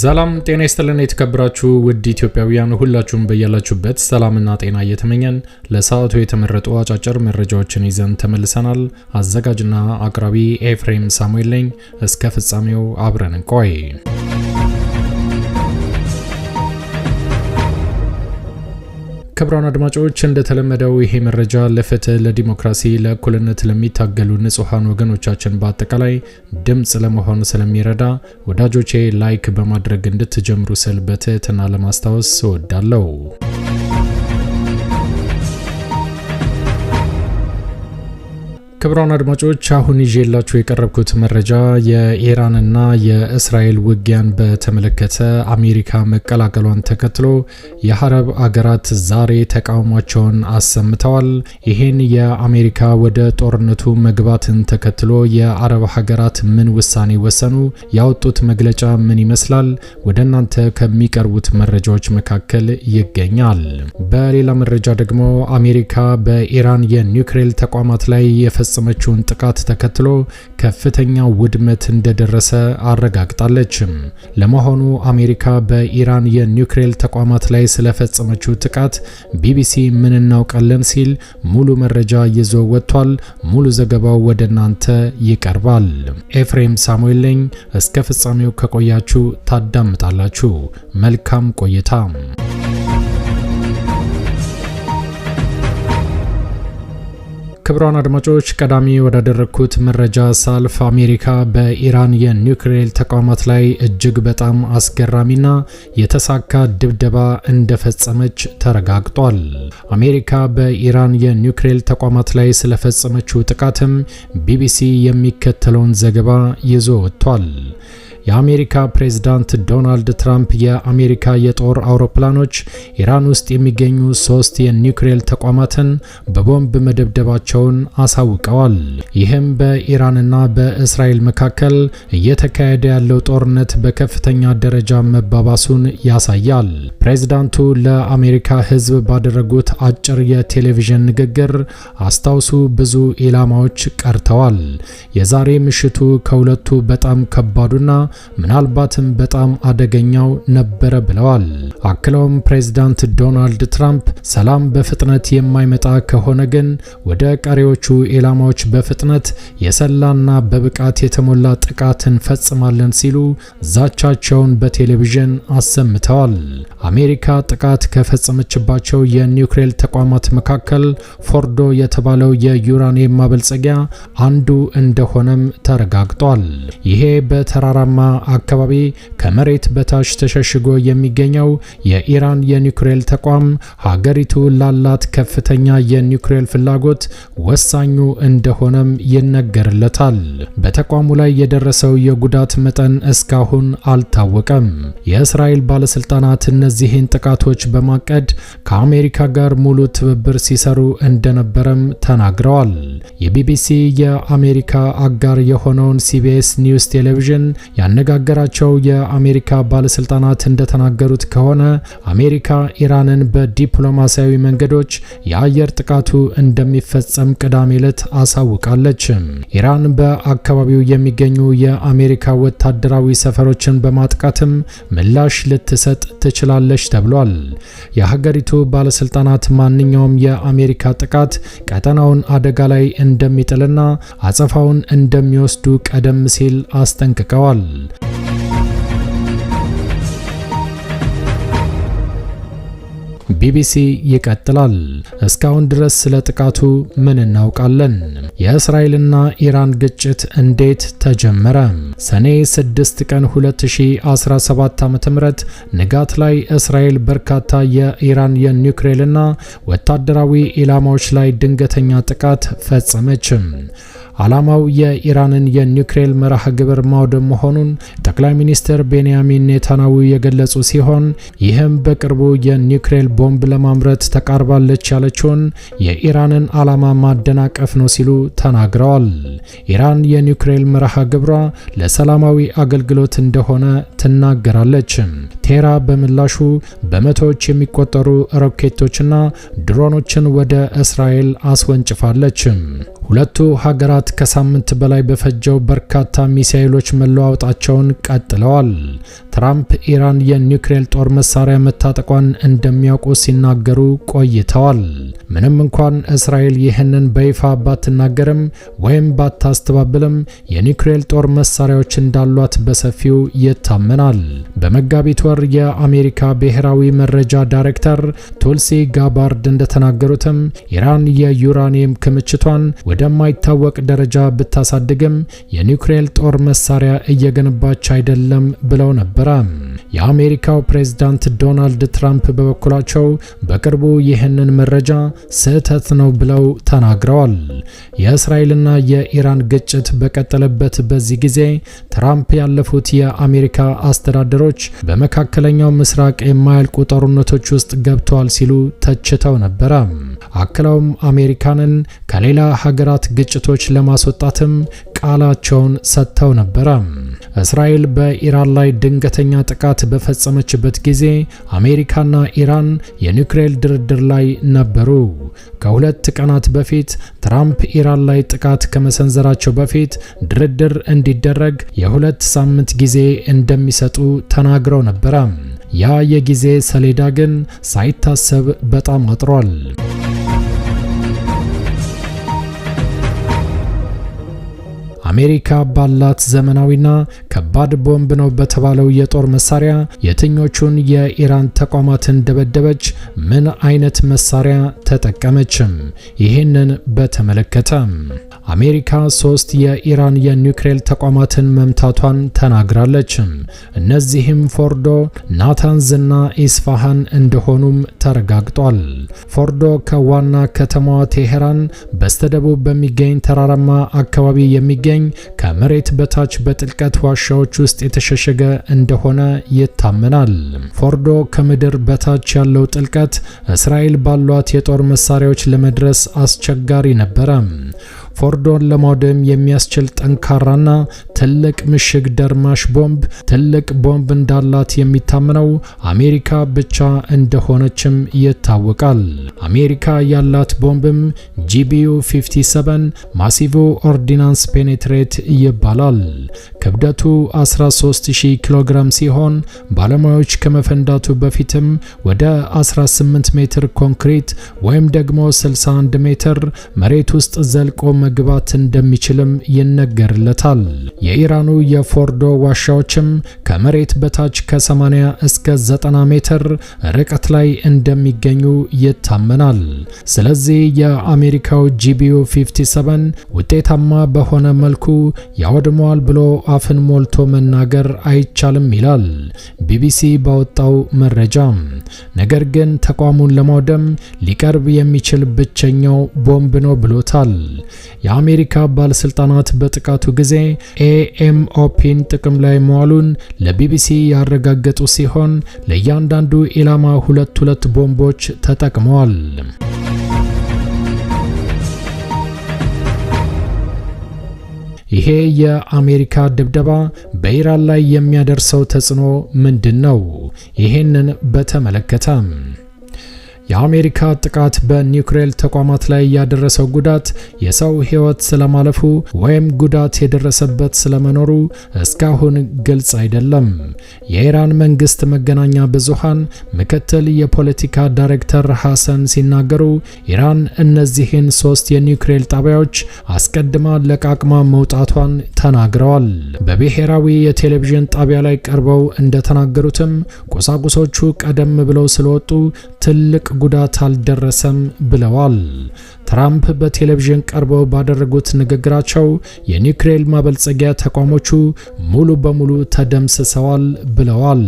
ሰላም ጤና ይስጥልን። የተከበራችሁ ውድ ኢትዮጵያውያን ሁላችሁም በያላችሁበት ሰላምና ጤና እየተመኘን ለሰዓቱ የተመረጡ አጫጭር መረጃዎችን ይዘን ተመልሰናል። አዘጋጅና አቅራቢ ኤፍሬም ሳሙኤል ነኝ። እስከ ፍጻሜው አብረን እንቆይ። ክቡራን አድማጮች እንደተለመደው ይሄ መረጃ ለፍትህ፣ ለዲሞክራሲ፣ ለእኩልነት ለሚታገሉ ንጹሐን ወገኖቻችን በአጠቃላይ ድምፅ ለመሆን ስለሚረዳ ወዳጆቼ ላይክ በማድረግ እንድትጀምሩ ስል በትህትና ለማስታወስ እወዳለሁ። ክብሯን አድማጮች አሁን ይዤላችሁ የቀረብኩት መረጃ የኢራንና የእስራኤል ውጊያን በተመለከተ አሜሪካ መቀላቀሏን ተከትሎ የአረብ አገራት ዛሬ ተቃውሟቸውን አሰምተዋል። ይህን የአሜሪካ ወደ ጦርነቱ መግባትን ተከትሎ የአረብ ሀገራት ምን ውሳኔ ወሰኑ? ያወጡት መግለጫ ምን ይመስላል? ወደ እናንተ ከሚቀርቡት መረጃዎች መካከል ይገኛል። በሌላ መረጃ ደግሞ አሜሪካ በኢራን የኒውክሌር ተቋማት ላይ የፈ የፈጸመችውን ጥቃት ተከትሎ ከፍተኛ ውድመት እንደደረሰ አረጋግጣለች። ለመሆኑ አሜሪካ በኢራን የኒውክሌር ተቋማት ላይ ስለፈጸመችው ጥቃት ቢቢሲ ምን እናውቃለን ሲል ሙሉ መረጃ ይዞ ወጥቷል። ሙሉ ዘገባው ወደ እናንተ ይቀርባል። ኤፍሬም ሳሙኤል ነኝ። እስከ ፍጻሜው ከቆያችሁ ታዳምጣላችሁ። መልካም ቆይታ ክቡራን አድማጮች ቀዳሚ ወዳደረግኩት መረጃ ሳልፍ አሜሪካ በኢራን የኒውክሌር ተቋማት ላይ እጅግ በጣም አስገራሚና የተሳካ ድብደባ እንደፈጸመች ተረጋግጧል። አሜሪካ በኢራን የኒውክሌር ተቋማት ላይ ስለፈጸመችው ጥቃትም ቢቢሲ የሚከተለውን ዘገባ ይዞ ወጥቷል። የአሜሪካ ፕሬዝዳንት ዶናልድ ትራምፕ የአሜሪካ የጦር አውሮፕላኖች ኢራን ውስጥ የሚገኙ ሶስት የኒውክሌር ተቋማትን በቦምብ መደብደባቸውን አሳውቀዋል። ይህም በኢራንና በእስራኤል መካከል እየተካሄደ ያለው ጦርነት በከፍተኛ ደረጃ መባባሱን ያሳያል። ፕሬዝዳንቱ ለአሜሪካ ሕዝብ ባደረጉት አጭር የቴሌቪዥን ንግግር አስታውሱ ብዙ ኢላማዎች ቀርተዋል። የዛሬ ምሽቱ ከሁለቱ በጣም ከባዱና ምናልባትም በጣም አደገኛው ነበረ ብለዋል። አክለውም ፕሬዝዳንት ዶናልድ ትራምፕ ሰላም በፍጥነት የማይመጣ ከሆነ ግን ወደ ቀሪዎቹ ኢላማዎች በፍጥነት የሰላና በብቃት የተሞላ ጥቃት እንፈጽማለን ሲሉ ዛቻቸውን በቴሌቪዥን አሰምተዋል። አሜሪካ ጥቃት ከፈጸመችባቸው የኒውክሌር ተቋማት መካከል ፎርዶ የተባለው የዩራኒየም ማበልጸጊያ አንዱ እንደሆነም ተረጋግጧል። ይሄ በተራራማ አካባቢ ከመሬት በታች ተሸሽጎ የሚገኘው የኢራን የኒውክሌር ተቋም ሀገሪቱ ላላት ከፍተኛ የኒውክሌር ፍላጎት ወሳኙ እንደሆነም ይነገርለታል። በተቋሙ ላይ የደረሰው የጉዳት መጠን እስካሁን አልታወቀም። የእስራኤል ባለስልጣናት እነዚህን ጥቃቶች በማቀድ ከአሜሪካ ጋር ሙሉ ትብብር ሲሰሩ እንደነበረም ተናግረዋል። የቢቢሲ የአሜሪካ አጋር የሆነውን ሲቢኤስ ኒውስ ቴሌቪዥን ያ። ያነጋገራቸው የአሜሪካ ባለስልጣናት እንደተናገሩት ከሆነ አሜሪካ ኢራንን በዲፕሎማሲያዊ መንገዶች የአየር ጥቃቱ እንደሚፈጸም ቅዳሜ ዕለት አሳውቃለች። ኢራን በአካባቢው የሚገኙ የአሜሪካ ወታደራዊ ሰፈሮችን በማጥቃትም ምላሽ ልትሰጥ ትችላለች ተብሏል። የሀገሪቱ ባለስልጣናት ማንኛውም የአሜሪካ ጥቃት ቀጠናውን አደጋ ላይ እንደሚጥልና አጸፋውን እንደሚወስዱ ቀደም ሲል አስጠንቅቀዋል። ቢቢሲ ይቀጥላል። እስካሁን ድረስ ስለ ጥቃቱ ምን እናውቃለን? የእስራኤልና ኢራን ግጭት እንዴት ተጀመረ? ሰኔ 6 ቀን 2017 ዓ.ም ንጋት ላይ እስራኤል በርካታ የኢራን የኒውክሌርና ወታደራዊ ኢላማዎች ላይ ድንገተኛ ጥቃት ፈጸመች። ዓላማው የኢራንን የኒውክሌር መርሃ ግብር ማውደም መሆኑን ጠቅላይ ሚኒስትር ቤንያሚን ኔታናዊ የገለጹ ሲሆን ይህም በቅርቡ የኒውክሌር ቦምብ ለማምረት ተቃርባለች ያለችውን የኢራንን ዓላማ ማደናቀፍ ነው ሲሉ ተናግረዋል። ኢራን የኒውክሌር መርሃ ግብሯ ለሰላማዊ አገልግሎት እንደሆነ ትናገራለች። ቴራ በምላሹ በመቶዎች የሚቆጠሩ ሮኬቶችና ድሮኖችን ወደ እስራኤል አስወንጭፋለች። ሁለቱ ሀገራት ከሳምንት በላይ በፈጀው በርካታ ሚሳኤሎች መለዋወጣቸውን ቀጥለዋል። ትራምፕ ኢራን የኒውክሌር ጦር መሳሪያ መታጠቋን እንደሚያውቁ ሲናገሩ ቆይተዋል። ምንም እንኳን እስራኤል ይህንን በይፋ ባትናገርም ወይም ባታስተባብልም የኒውክሌር ጦር መሳሪያዎች እንዳሏት በሰፊው ይታመናል። በመጋቢት ወር የአሜሪካ ብሔራዊ መረጃ ዳይሬክተር ቱልሲ ጋባርድ እንደተናገሩትም ኢራን የዩራኒየም ክምችቷን ወደማይታወቅ ደረጃ ብታሳድግም የኒውክሌር ጦር መሳሪያ እየገነባች አይደለም ብለው ነበር። ነበረ። የአሜሪካው ፕሬዝዳንት ዶናልድ ትራምፕ በበኩላቸው በቅርቡ ይህንን መረጃ ስህተት ነው ብለው ተናግረዋል። የእስራኤልና የኢራን ግጭት በቀጠለበት በዚህ ጊዜ ትራምፕ ያለፉት የአሜሪካ አስተዳደሮች በመካከለኛው ምስራቅ የማያልቁ ጦርነቶች ውስጥ ገብተዋል ሲሉ ተችተው ነበረ። አክለውም አሜሪካንን ከሌላ ሀገራት ግጭቶች ለማስወጣትም ቃላቸውን ሰጥተው ነበረ። እስራኤል በኢራን ላይ ድንገተኛ ጥቃት በፈጸመችበት ጊዜ አሜሪካና ኢራን የኒውክሌር ድርድር ላይ ነበሩ። ከሁለት ቀናት በፊት ትራምፕ ኢራን ላይ ጥቃት ከመሰንዘራቸው በፊት ድርድር እንዲደረግ የሁለት ሳምንት ጊዜ እንደሚሰጡ ተናግረው ነበረ። ያ የጊዜ ሰሌዳ ግን ሳይታሰብ በጣም አጥሯል። አሜሪካ ባላት ዘመናዊና ከባድ ቦምብ ነው በተባለው የጦር መሳሪያ የትኞቹን የኢራን ተቋማትን ደበደበች? ምን አይነት መሳሪያ ተጠቀመችም? ይህንን በተመለከተ አሜሪካ ሶስት የኢራን የኒውክሌር ተቋማትን መምታቷን ተናግራለች። እነዚህም ፎርዶ፣ ናታንዝ እና ኢስፋሃን እንደሆኑም ተረጋግጧል። ፎርዶ ከዋና ከተማዋ ቴሄራን በስተደቡብ በሚገኝ ተራራማ አካባቢ የሚገኝ ሲገኝ ከመሬት በታች በጥልቀት ዋሻዎች ውስጥ የተሸሸገ እንደሆነ ይታመናል። ፎርዶ ከምድር በታች ያለው ጥልቀት እስራኤል ባሏት የጦር መሳሪያዎች ለመድረስ አስቸጋሪ ነበረ። ፎርዶን ለማውደም የሚያስችል ጠንካራና ትልቅ ምሽግ ደርማሽ ቦምብ ትልቅ ቦምብ እንዳላት የሚታምነው አሜሪካ ብቻ እንደሆነችም ይታወቃል። አሜሪካ ያላት ቦምብም ጂቢዩ 57 ማሲቮ ኦርዲናንስ ፔኔትሬት ይባላል። ክብደቱ 13000 ኪሎ ግራም ሲሆን ባለሙያዎች ከመፈንዳቱ በፊትም ወደ 18 ሜትር ኮንክሪት ወይም ደግሞ 61 ሜትር መሬት ውስጥ ዘልቆ መግባት እንደሚችልም ይነገርለታል። የኢራኑ የፎርዶ ዋሻዎችም ከመሬት በታች ከ80 እስከ 90 ሜትር ርቀት ላይ እንደሚገኙ ይታመናል። ስለዚህ የአሜሪካው ጂቢዩ 57 ውጤታማ በሆነ መልኩ ያወድመዋል ብሎ አፍን ሞልቶ መናገር አይቻልም ይላል ቢቢሲ ባወጣው መረጃ። ነገር ግን ተቋሙን ለማውደም ሊቀርብ የሚችል ብቸኛው ቦምብ ነው ብሎታል። የአሜሪካ ባለስልጣናት በጥቃቱ ጊዜ ኤኤምኦፒን ጥቅም ላይ መዋሉን ለቢቢሲ ያረጋገጡ ሲሆን ለእያንዳንዱ ኢላማ ሁለት ሁለት ቦምቦች ተጠቅመዋል። ይሄ የአሜሪካ ድብደባ በኢራን ላይ የሚያደርሰው ተጽዕኖ ምንድን ነው? ይሄንን በተመለከተ የአሜሪካ ጥቃት በኒውክሌር ተቋማት ላይ ያደረሰው ጉዳት የሰው ሕይወት ስለማለፉ ወይም ጉዳት የደረሰበት ስለመኖሩ እስካሁን ግልጽ አይደለም። የኢራን መንግስት መገናኛ ብዙሃን ምክትል የፖለቲካ ዳይሬክተር ሐሰን ሲናገሩ ኢራን እነዚህን ሶስት የኒውክሌር ጣቢያዎች አስቀድማ ለቃቅማ መውጣቷን ተናግረዋል። በብሔራዊ የቴሌቪዥን ጣቢያ ላይ ቀርበው እንደተናገሩትም ቁሳቁሶቹ ቀደም ብለው ስለወጡ ትልቅ ጉዳት አልደረሰም ብለዋል። ትራምፕ በቴሌቪዥን ቀርበው ባደረጉት ንግግራቸው የኒውክሌር ማበልጸጊያ ተቋሞቹ ሙሉ በሙሉ ተደምስሰዋል ብለዋል።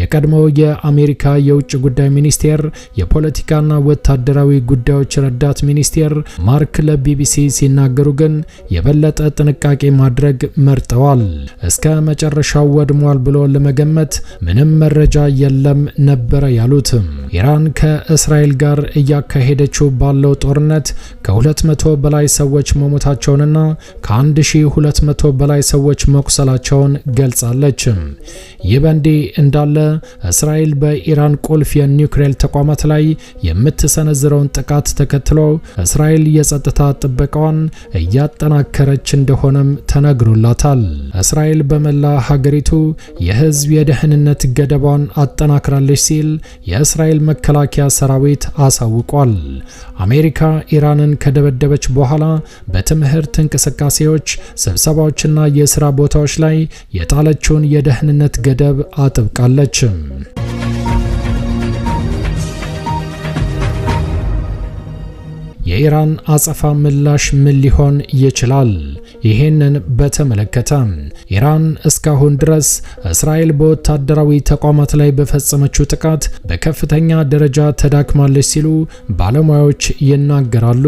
የቀድሞው የአሜሪካ የውጭ ጉዳይ ሚኒስቴር የፖለቲካና ወታደራዊ ጉዳዮች ረዳት ሚኒስቴር ማርክ ለቢቢሲ ሲናገሩ ግን የበለጠ ጥንቃቄ ማድረግ መርጠዋል። እስከ መጨረሻው ወድሟል ብሎ ለመገመት ምንም መረጃ የለም ነበረ ያሉትም ኢራን ከእስራኤል ጋር እያካሄደችው ባለው ጦርነት ምክንያት ከ200 በላይ ሰዎች መሞታቸውንና ከ1200 በላይ ሰዎች መቁሰላቸውን ገልጻለች። ይህ በእንዲህ እንዳለ እስራኤል በኢራን ቁልፍ የኒውክሌር ተቋማት ላይ የምትሰነዝረውን ጥቃት ተከትሎ እስራኤል የጸጥታ ጥበቃዋን እያጠናከረች እንደሆነም ተነግሮላታል። እስራኤል በመላ ሀገሪቱ የህዝብ የደህንነት ገደቧን አጠናክራለች ሲል የእስራኤል መከላከያ ሰራዊት አሳውቋል። አሜሪካ ኢራንን ከደበደበች በኋላ በትምህርት እንቅስቃሴዎች፣ ስብሰባዎችና የስራ ቦታዎች ላይ የጣለችውን የደህንነት ገደብ አጥብቃለች። የኢራን አጸፋ ምላሽ ምን ሊሆን ይችላል? ይህንን በተመለከተ ኢራን እስካሁን ድረስ እስራኤል በወታደራዊ ተቋማት ላይ በፈጸመችው ጥቃት በከፍተኛ ደረጃ ተዳክማለች ሲሉ ባለሙያዎች ይናገራሉ።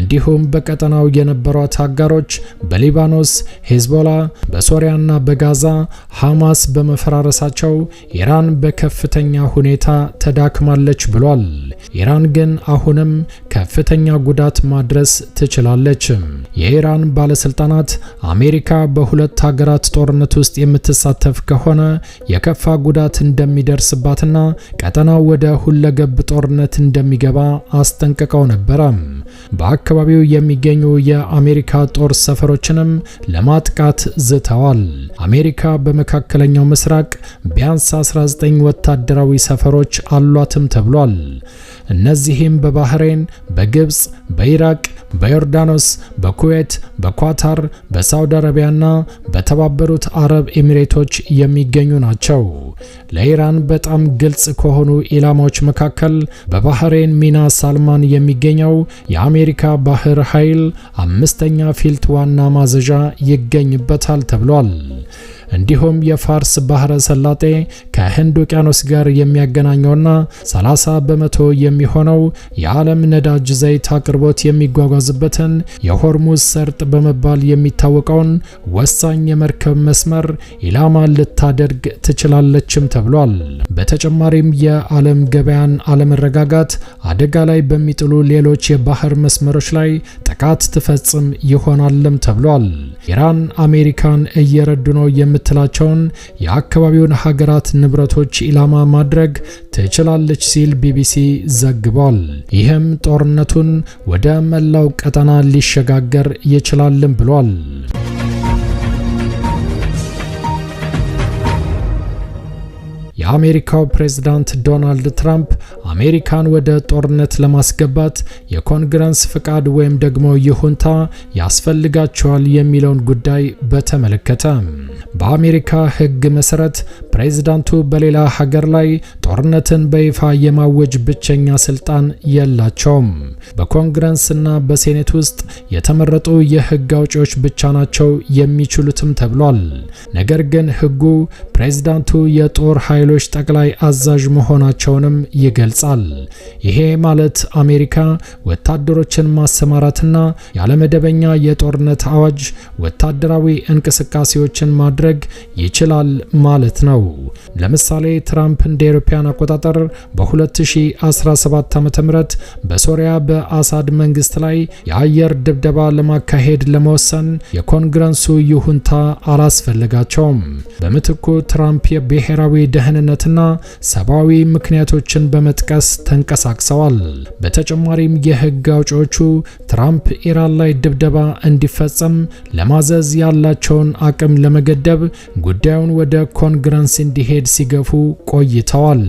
እንዲሁም በቀጠናው የነበሯት አጋሮች በሊባኖስ ሄዝቦላ፣ በሶሪያና በጋዛ ሐማስ በመፈራረሳቸው ኢራን በከፍተኛ ሁኔታ ተዳክማለች ብሏል። ኢራን ግን አሁንም ከፍተኛ ጉዳት ማድረስ ትችላለች። የኢራን ባለስልጣናት አሜሪካ በሁለት ሀገራት ጦርነት ውስጥ የምትሳተፍ ከሆነ የከፋ ጉዳት እንደሚደርስባትና ቀጠናው ወደ ሁለገብ ጦርነት እንደሚገባ አስጠንቅቀው ነበረ። በአካባቢው የሚገኙ የአሜሪካ ጦር ሰፈሮችንም ለማጥቃት ዝተዋል። አሜሪካ በመካከለኛው ምስራቅ ቢያንስ 19 ወታደራዊ ሰፈሮች አሏትም ተብሏል። እነዚህም በባህሬን፣ በግብፅ፣ በኢራቅ፣ በዮርዳኖስ፣ በኩዌት፣ በኳታር፣ በሳውዲ አረቢያና በተባበሩት አረብ ኤሚሬቶች የሚገኙ ናቸው። ለኢራን በጣም ግልጽ ከሆኑ ኢላማዎች መካከል በባህሬን ሚና ሳልማን የሚገኘው የአሜሪካ ባህር ኃይል አምስተኛ ፊልት ዋና ማዘዣ ይገኝበታል ተብሏል። እንዲሁም የፋርስ ባህረ ሰላጤ ከህንድ ውቅያኖስ ጋር የሚያገናኘውና 30 በመቶ የሚሆነው የዓለም ነዳጅ ዘይት አቅርቦት የሚጓጓዝበትን የሆርሙዝ ሰርጥ በመባል የሚታወቀውን ወሳኝ የመርከብ መስመር ኢላማ ልታደርግ ትችላለችም ተብሏል። በተጨማሪም የዓለም ገበያን አለመረጋጋት አደጋ ላይ በሚጥሉ ሌሎች የባህር መስመሮች ላይ ጥቃት ትፈጽም ይሆናልም ተብሏል። ኢራን አሜሪካን እየረዱ ነው የም የምትላቸውን የአካባቢውን ሀገራት ንብረቶች ኢላማ ማድረግ ትችላለች ሲል ቢቢሲ ዘግቧል። ይህም ጦርነቱን ወደ መላው ቀጠና ሊሸጋገር ይችላልም ብሏል። የአሜሪካው ፕሬዝዳንት ዶናልድ ትራምፕ አሜሪካን ወደ ጦርነት ለማስገባት የኮንግረስ ፍቃድ ወይም ደግሞ ይሁንታ ያስፈልጋቸዋል የሚለውን ጉዳይ በተመለከተ በአሜሪካ ሕግ መሰረት ፕሬዝዳንቱ በሌላ ሀገር ላይ ጦርነትን በይፋ የማወጅ ብቸኛ ስልጣን የላቸውም። በኮንግረስ እና በሴኔት ውስጥ የተመረጡ የህግ አውጪዎች ብቻ ናቸው የሚችሉትም ተብሏል። ነገር ግን ሕጉ ፕሬዝዳንቱ የጦር ኃይሎች ኃይሎች ጠቅላይ አዛዥ መሆናቸውንም ይገልጻል። ይሄ ማለት አሜሪካ ወታደሮችን ማሰማራትና ያለመደበኛ የጦርነት አዋጅ ወታደራዊ እንቅስቃሴዎችን ማድረግ ይችላል ማለት ነው። ለምሳሌ ትራምፕ እንደ አውሮፓውያን አቆጣጠር በ2017 .ም በሶሪያ በአሳድ መንግስት ላይ የአየር ድብደባ ለማካሄድ ለመወሰን የኮንግረሱ ይሁንታ አላስፈልጋቸውም። በምትኩ ትራምፕ የብሔራዊ ደህንነት ግንኙነትና ሰብአዊ ምክንያቶችን በመጥቀስ ተንቀሳቅሰዋል። በተጨማሪም የህግ አውጪዎቹ ትራምፕ ኢራን ላይ ድብደባ እንዲፈጸም ለማዘዝ ያላቸውን አቅም ለመገደብ ጉዳዩን ወደ ኮንግረስ እንዲሄድ ሲገፉ ቆይተዋል።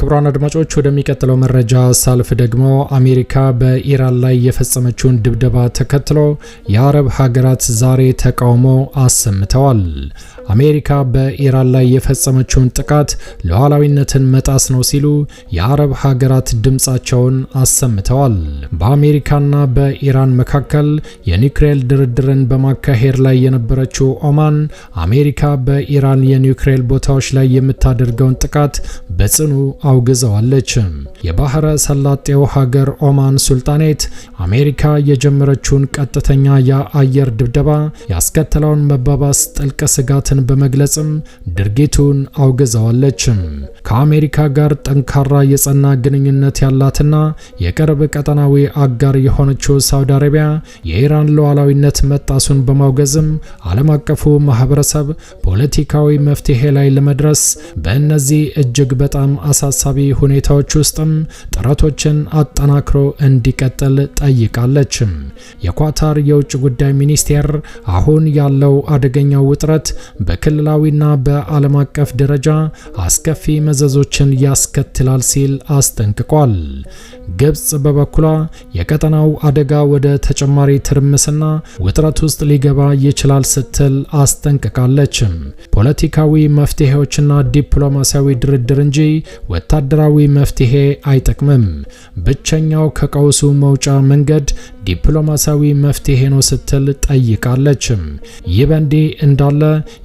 ክቡራን አድማጮች ወደሚቀጥለው መረጃ ሳልፍ ደግሞ አሜሪካ በኢራን ላይ የፈጸመችውን ድብደባ ተከትሎ የአረብ ሀገራት ዛሬ ተቃውሞ አሰምተዋል። አሜሪካ በኢራን ላይ የፈጸመችውን ጥቃት ሉዓላዊነትን መጣስ ነው ሲሉ የአረብ ሀገራት ድምፃቸውን አሰምተዋል። በአሜሪካና በኢራን መካከል የኒውክሌር ድርድርን በማካሄድ ላይ የነበረችው ኦማን አሜሪካ በኢራን የኒውክሌር ቦታዎች ላይ የምታደርገውን ጥቃት በጽኑ አውግዘዋለች። የባህረ ሰላጤው ሀገር ኦማን ሱልጣኔት አሜሪካ የጀመረችውን ቀጥተኛ የአየር ድብደባ ያስከተለውን መባባስ ጥልቅ ስጋትን በመግለጽም ድርጊቱን አውግዘዋለች። ከአሜሪካ ጋር ጠንካራ የጸና ግንኙነት ያላትና የቅርብ ቀጠናዊ አጋር የሆነችው ሳውዲ አረቢያ የኢራን ሉዓላዊነት መጣሱን በማውገዝም ዓለም አቀፉ ማህበረሰብ ፖለቲካዊ መፍትሄ ላይ ለመድረስ በእነዚህ እጅግ በጣም አሳ አሳሳቢ ሁኔታዎች ውስጥም ጥረቶችን አጠናክሮ እንዲቀጥል ጠይቃለች። የኳታር የውጭ ጉዳይ ሚኒስቴር አሁን ያለው አደገኛው ውጥረት በክልላዊና በዓለም አቀፍ ደረጃ አስከፊ መዘዞችን ያስከትላል ሲል አስጠንቅቋል። ግብጽ በበኩሏ የቀጠናው አደጋ ወደ ተጨማሪ ትርምስና ውጥረት ውስጥ ሊገባ ይችላል ስትል አስጠንቅቃለች። ፖለቲካዊ መፍትሄዎችና ዲፕሎማሲያዊ ድርድር እንጂ ወታደራዊ መፍትሄ አይጠቅምም። ብቸኛው ከቀውሱ መውጫ መንገድ ዲፕሎማሲያዊ መፍትሄ ነው ስትል ጠይቃለች። ይህ በእንዲህ እንዳለ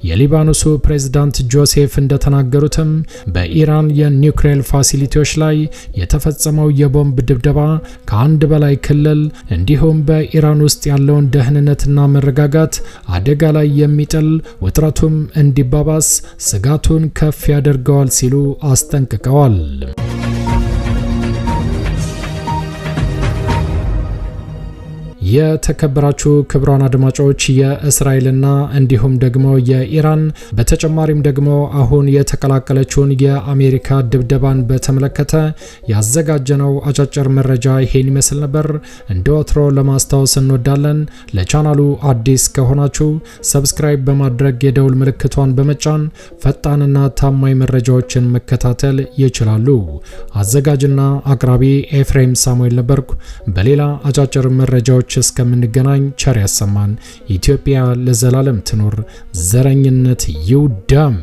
የሊባኖሱ ፕሬዝዳንት ጆሴፍ እንደተናገሩትም በኢራን የኒውክሌር ፋሲሊቲዎች ላይ የተፈጸመው የቦምብ የቦምብ ድብደባ ከአንድ በላይ ክልል እንዲሁም በኢራን ውስጥ ያለውን ደህንነትና መረጋጋት አደጋ ላይ የሚጥል ውጥረቱም እንዲባባስ ስጋቱን ከፍ ያደርገዋል ሲሉ አስጠንቅቀዋል። የተከበራችሁ ክብሯን አድማጮች የእስራኤልና እንዲሁም ደግሞ የኢራን በተጨማሪም ደግሞ አሁን የተቀላቀለችውን የአሜሪካ ድብደባን በተመለከተ ያዘጋጀነው አጫጭር መረጃ ይሄን ይመስል ነበር። እንደ ወትሮ ለማስታወስ እንወዳለን። ለቻናሉ አዲስ ከሆናችሁ ሰብስክራይብ በማድረግ የደውል ምልክቷን በመጫን ፈጣንና ታማኝ መረጃዎችን መከታተል ይችላሉ። አዘጋጅና አቅራቢ ኤፍሬም ሳሙኤል ነበርኩ። በሌላ አጫጭር መረጃዎች እስከምንገናኝ ቸር ያሰማን። ኢትዮጵያ ለዘላለም ትኖር። ዘረኝነት ይውደም።